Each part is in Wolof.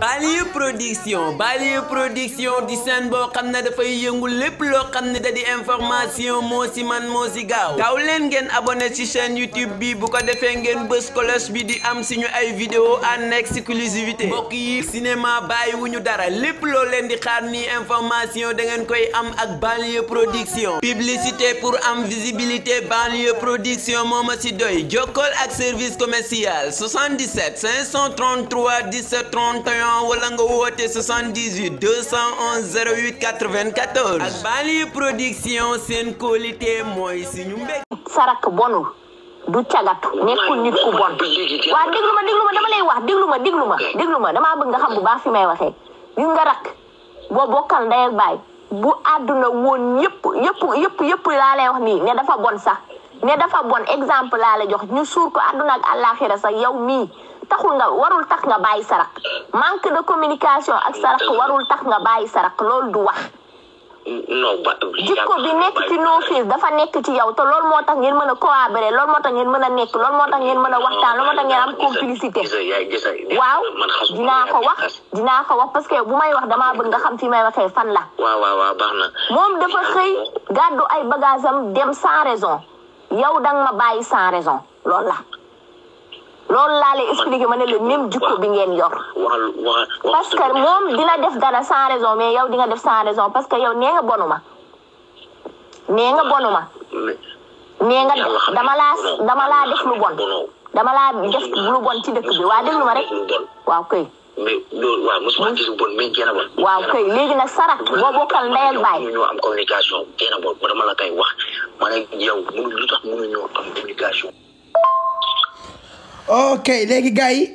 Banlieue Production Banlieue Production di seen boo xam ne dafay yëngu lépp loo xam ne da di information moo si man moo si gaaw gaaw leen ngeen abonné ci chaîne YouTube bi bu ko defee ngeen bës cloche bi di am suñu ay vidéo en exclusivité mbokk yi cinéma bàyyi wu ñu dara lépp loo leen di xaar ni information da ngeen koy am ak Banlieue Production publicité pour am visibilité Banlieue Production moo ma si doy jokkool ak service commercial 77 533 17 31 cent wala nga woote 78 211 08 94 ak Bally Production seen qualité mooy suñu mbég sarak bonul du cagatu nekkul nit ku bon waa déglu ma déglu ma dama lay wax déglu ma déglu ma déglu ma damaa bëgg nga xam bu baax fi may waxee gis nga rak boo bokkal ndey ak baay bu àdduna woon yëpp yëpp yëpp yëpp laa lay wax nii ne dafa bon sax ne dafa bon exemple laa la jox ñu suur ko àdduna ak àllaaxira sax yow mii taxul nga warul tax nga bàyyi sa rakk manque de communication ak sa warul tax nga bàyyi sa lool du wax. jikko bi nekk ci no fees dafa nekk ci yow te loolu moo tax ngeen mën a cohabiter loolu moo ngeen mën a nekk loolu moo tax ngeen mën a wax loolu moo tax ngeen am complicité waaw dinaa ko wax dinaa ko wax parce que bu may wax damaa bëgg nga xam fi may waxee fan la. waaw waaw baax na. moom dafa xëy gàddu ay bagages am dem sans raison yow danga ma bàyyi sans raison loolu la. loolu laa lay expliqué ma ne la même jikko bi ngeen yor. parce que moom dina def dara sans raison mais yow di nga def sans raison parce que yow nee nga bonuma nee nga bonuma nee dama laa dama laa def lu bon dama laa def lu bon ci dëkk bi waa déglu ma rek waaw kay. Hmm? léegi nag sarak boo bokkal baay. la koy wax ok léegi gars yi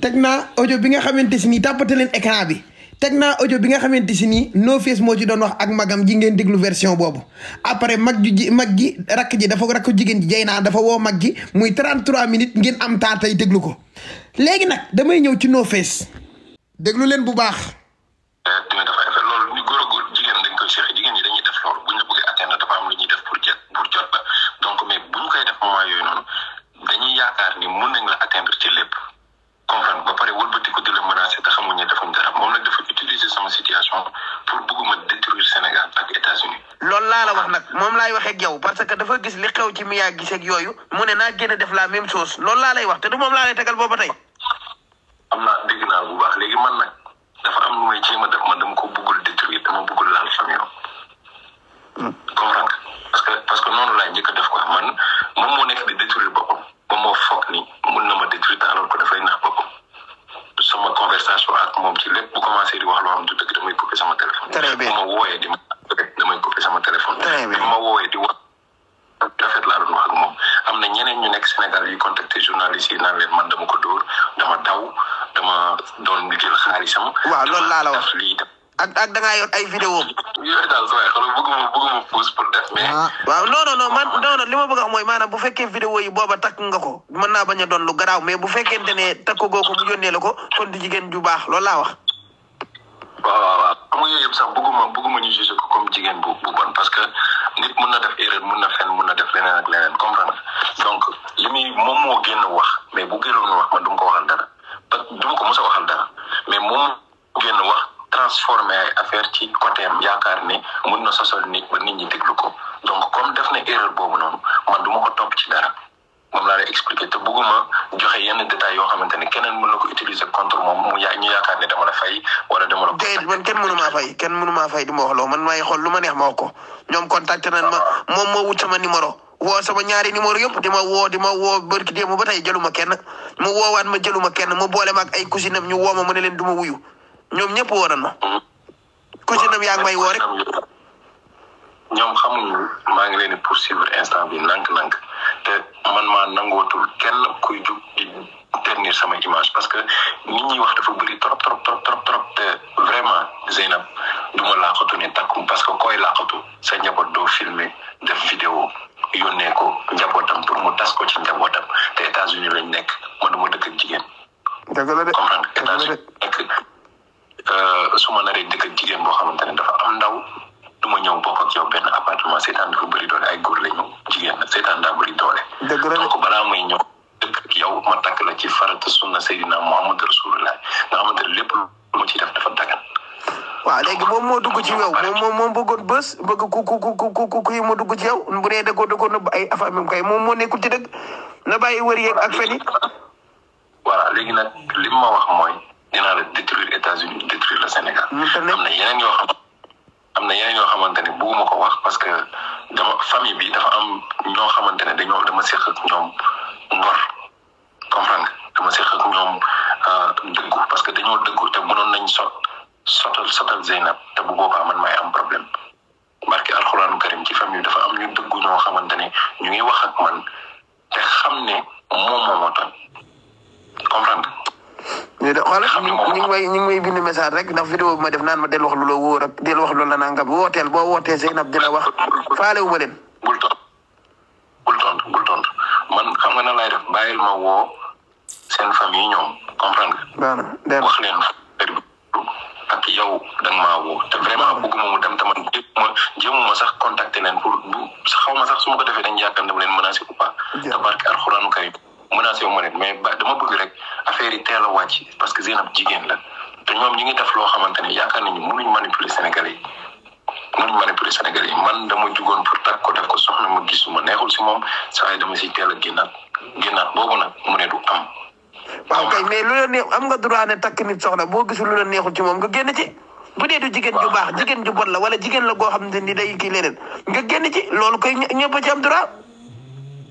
teg naa audio bi nga xamante si nii tàppate leen écran bi teg naa audio bi nga xamante si nii No Face moo ci doon wax ak magam ji ngeen déglu version boobu après mag ju ji mag ji rakk ji dafa rakk jigéen ji jay naa dafa woo mag ji muy 33 minutes ngeen am temps tey déglu ko léegi nag damay ñëw ci No Face déglu leen bu baax eh, laay waxee ak parce que dafa gis li xew ci miyaa gis ak yooyu mu ne naa génn def la même chose loolu laa lay wax te du moom laa lay tegal booba tey. am naa dégg naa bu baax léegi man nag dafa am lu may a def man dama ko bëggul détruire dama bëggul laal famille am. comprendre parce que parce que noonu laa njëkk a def ko man moom moo nekk di détruire boppam moom moo foog ni mun na ma détruire te alors que nax boppam sama conversation ak moom ci lépp bu commencé di wax loo xam du dëgg damay couper sama téléphone. très bien damay coupé sama téléphone. bi ma woowee di wax rafet laa doon wax moom am na ñeneen ñu nekk Sénégal yu contacté journaliste yi naan leen man dama ko dóor dama taw dama doon jël xaalisam. waaw loolu laa la wax ak ak yor ay vidéo. yooyu daal saa yi xoolal bëgguma bëgguma pousse ah. waaw non non non man non non li ma bëgg a mooy maanaam bu fekkee vidéo yi booba takk nga ko mën naa bañ a doon lu garaaw mais bu fekkente ne takk goo ko mu yónnee la ko kon di jigéen ju baax loolu laa wax. waaw waaw waaw xam sax bëgguma bëgguma ñu jugé ko comme jigéen bu bu bon parce que nit mun na def erreur mun na fen mun na def leneen ak leneen comprendre donc li muy moom moo génn wax mais bu génnoon wax man du ko waxal dara parce que ko mos a waxal dara mais moom génn wax transformé ay affaire ci côté am yaakaar ni mun na sosol nit ba nit ñi déglu ko donc comme def na erreur boobu noonu man du ko topp ci dara. expliqué te buguma joxe yenn détails yo xamanteni ne keneen mën ko utiliser contre mom mu yaa ñu yaakaar ne dama la fay wala dama la. ko man kenn mënu ma fay kenn mënu ma fay di ma wax man may xol luma neex ma wax ko ñoom contacté nañ ma mom mo wut sama numéro. wo sama ñaari numéro yëpp di ma woo di ma woo barki dem ba tay jëluma kenn mu waat ma jëluma kenn mu boole ma ak ay cousinam ñu woo ma mu ne leen duma wuyu ñom ñepp wo nañ ma. cousine am may wo rek. ñom xamuñu ma ngi leen poursuivre instant bi nank-nank te man ma nangotul kenn kuy jog di tenir sama image parce que nit ñi wax dafa bari trop trop trop trop trop te vraiment Zainab du ma laaxatu ni takkum parce que koy laaxatu sa njaboot do filmer def vidéo yone ko njabootam pour mu tas ko ci njabootam te États-Unis lañ nek ma du ma dëkk ak dëgg la dé euh suma na ré dekk jigen bo dëkk dafa am ndaw duma ñew bokk ak yow ben appartement seetaan dafa bari doon ay gor la seytaan daa bëri doole. dëgg la donc balaa may ñëw dëkk yow ma takk la ci farata sunna Seydina Muhammad Rasulullah nga xamante ne lépp lu ma ciy def dafa dagan. waaw léegi moom moo dugg ci yow moom moom bëggoon bës bëgg ba ku ku ku ku dugg ci yow bu dee da ko da ko nëbb ay affaire même moom moo nekkul ci dëgg na bàyyi wër yeeg ak fen yi. voilà léegi nag li ma wax mooy dinaa la détruire États-Unis détruire le Sénégal. am na yeneen yoo xam am na yeneen yoo xamante ne bugguma ko wax parce que. dama famille bi dafa am ñoo xamante ne dañoo dama seq ak ñoom ngor comprendre dama seq ak ñoom euh, dëggu parce que dañoo dëggu te mënoon nañ sot sotal sotal Zeynab te bu boobaa man maay am problème barki alxuraanu karim ci famille bi dafa am ñu dëggu ñoo xamante ne ñu ngi wax ak man te xam ne moom moo ma tooñ comprendre ñu de xoolal ñu ngi may ñu ngi may bind message rek ndax vidéo bi ma def naan ma del wax lu la wóor ak del wax lu la nangam wooteel boo wootee Zeynab dina wax faale wu ma leen. bul tont bul tont bul tont man xam nga na lay def bàyyil ma woo seen famille ñoom comprendre nga. waaw wax leen ak yow da nga maa woo te vraiment bëgguma mu dem tamit jéemuma jéemuma sax contacter leen pour xaw ma sax su ma ko defee dañ yaakaar leen menacé ou pas. te alxuraanu karim menacé wu ma mais ba dama bëgg rek affaire yi téla wacc parce que Zeynab jigen la té ñom ñi ngi def lo xamanteni yaakaar nañu mënuñ manipuler Sénégalais yi mënuñ manipuler Sénégalais man dama juggon pour tak ko def ko soxna mu gisuma neexul ci mom sa ay dama ci téla a génnaat bobu nak mu né du am. waaw kay mais lu la neex am nga droit né tak nit soxna bo gisul lu la neexul ci mom nga génn ci. bu dé du jigen ju baax jigen ju bon la wala jigen la go xamanteni day ki leneen nga génn ci lolu kay ñëpp ci am droit.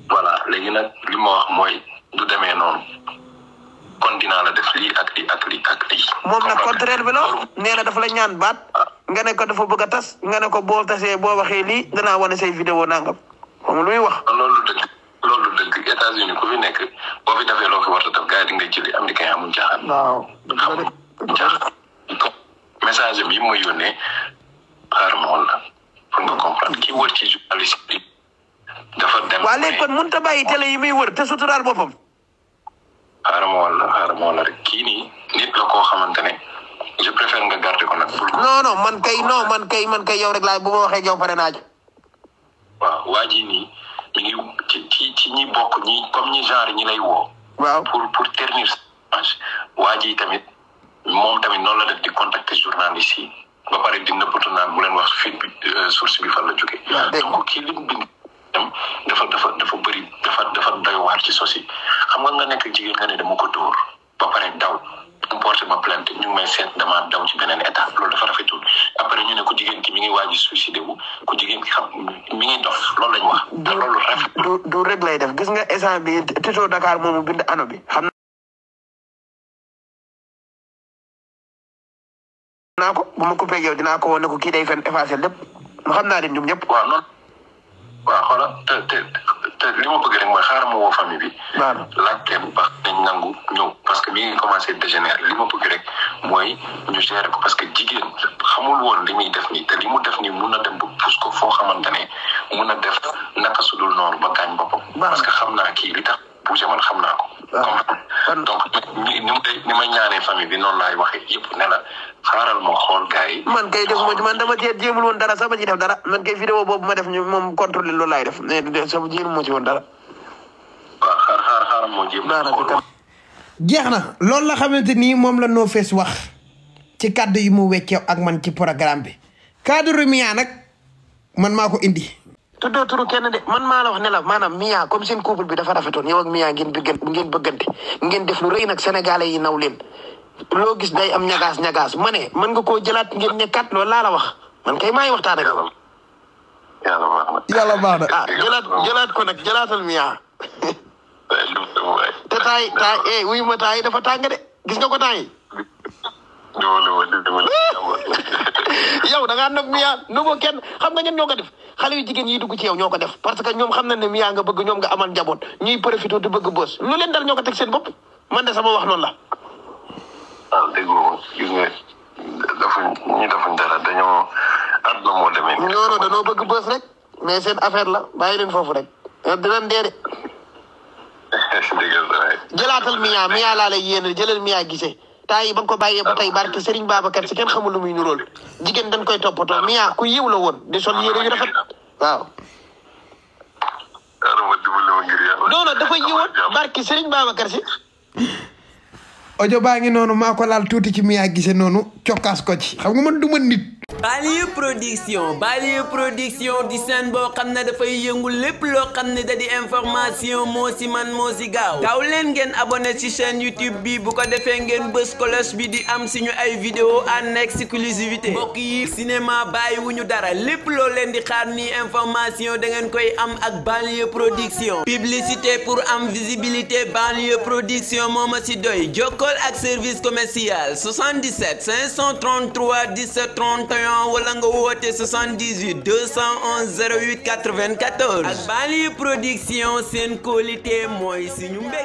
voilà léegi nag li ma wax mooy du demee noon kon dinaa la def lii ak lii ak lii ak lii. moom nag contraire bi la nee na dafa la ñaan baat. Ah. nga ne ko dafa bëgg a tas nga ne ko boo tasee boo waxee lii danaa wane see vidéo nangam moom luy wax. loolu dëgg loolu dëgg États-Unis ku fi nekk boo fi defee loo fi war a def gars yi di nga jëli américain amul caaxaan. waaw caaxaan message am yi ma yónnee xaaral ma woon la pour nga comprendre ki wër ci journaliste dafa dem waa léegi kon mënut a bàyyi télé yi muy wër te suturaal boppam. xaaral ma wala xaaral ma wala rek kii nii nit la koo xamante ne je préfère nga garder ko nag. non non man kay non man kay man kay yow rek laay bu waxee yow pare naaj ci. waaw waa ji nii mi ngi ci ci ci ñi bokk ñi comme ñi genre ñi lay woo. waaw pour pour ternir image waa ji tamit moom tamit noonu la def di contacter journaliste yi ba pare di nëbbatu naan bu leen wax fi euh, source bi fan la jógee. donc kii li dem dafa dafa dafa bëri dafa dafa doy waar ci sosi xam nga nga nekk jigéen nga ne dama ko dóor ba pare daw porté ma plainte ñu may seet dama daw ci beneen état loolu dafa rafetul après ñu ne ku jigéen ki mi ngi waaji suicidé wu ku jigéen ki xam mi ngi dof loolu lañ wax te loolu rafet rek lay def gis nga instant bi tito dakar moomu bind ano bi xam naa ko bu ma coupé yow dinaa ko wane ko kii day fen effacé lépp ma xam naa leen ñoom ñëpp waaw waaw xoolal te te te li ma bëgg rek mooy xaaral ma woo famille bi. waaw laajte bu baax nañ nangu ñëw parce que mi ngi commencé dégénérer li ma bëgg rek mooy ñu gérer parce que jigéen xamul woon li muy def nii te li mu def nii mun na dem ba pousse ko foo xamante ne mun a def naka sudul noonu ba gaañ boppam. parce que xam naa kii li tax bu jamono xam naa ko. donc ni ni ma noonu laay waxee yëpp ne la xaaral ma man kay def ma man dama cee jéemul woon dara sax ma ciy def dara man kay vidéo boobu ma def ñu moom contrôlé loolu laay def mais de sama jéem moo ci woon dara. waaw jeex na loolu la xamante nii moom la noo fees wax ci kàddu yi mu wecceew ak man ci programme bi. cadre Rumia nag man maa ko indi. tuddoo turu kenn de man maa la wax ne manaam maanaam Mia comme seen couple bi dafa rafetoon yow ak Mia ngeen bëggante ngeen def lu rëy nag sénégalais yi naw leen loo gis day am ñagaas ñagaas ma ne mën nga koo jëlaat ngeen nekkaat loolu laala wax man kay may ngi waxtaan ak ah, jëlaat jëlaat ko nag jëlaatal Mia. te taay taay eh dafa tàng de gis nga ko taay. yow da ngaa nëb miyaa nëboo kenn xam nga ñen ñoo def xale yu jigéen yi dugg ci yow ñoo def parce que ñoom xam na ne miyaa nga bëgg ñoom nga amal njaboot ñuy bëgg lu leen dal ñoo ko seen man de sama wax non la. ah dégg gis nga dafa ñi dafa dara dañoo àdduna moo demee. non non dañoo bëgg bës rek mais seen affaire la bàyyi leen foofu rek dinañ dee de. lay jëlal gisee. taa yi ba nga ko bàyyee ba tey barke Serigne Babacar si kenn xamul lu muy jigéen dañ koy toppatoo Mia ah ku yiw la woon di sol yére yu rafet waaw. non non dafa yiwoon barke Serigne Babacar si. audio baa ngi noonu maa ko laal tuuti ci Mia gise noonu cokkaas ko ci xam nga Banlieue production Banlieue production di seen boo xam ne dafay yëngu lépp loo xam ne da di information moo si man moo si gaaw leen ngeen abonné si chaîne YouTube bi bu ko defee ngeen bës cloche bi di am suñu ay vidéo en exclusivité mbokk yi cinéma bàyyi wuñu dara lépp loo leen di xaar ni information da ngeen koy am ak Banlieue production publicité pour am visibilité Banlieue production moo a si doy jokkool ak service commercial 77 533 17 31 78 211 08 94 ak Production une qualité ici nous